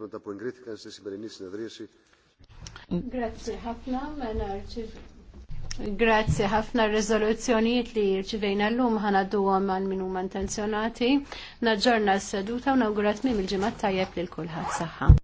Πρώτα Grazie ħafna, mena Grazie ħafna r-rezoluzzjonijiet li rċivejna l-lum ħanaddu għaman minn intenzjonati. Naġġorna s-seduta u nawgurat mim il-ġimgħat tajjeb lil kulħadd saħħa.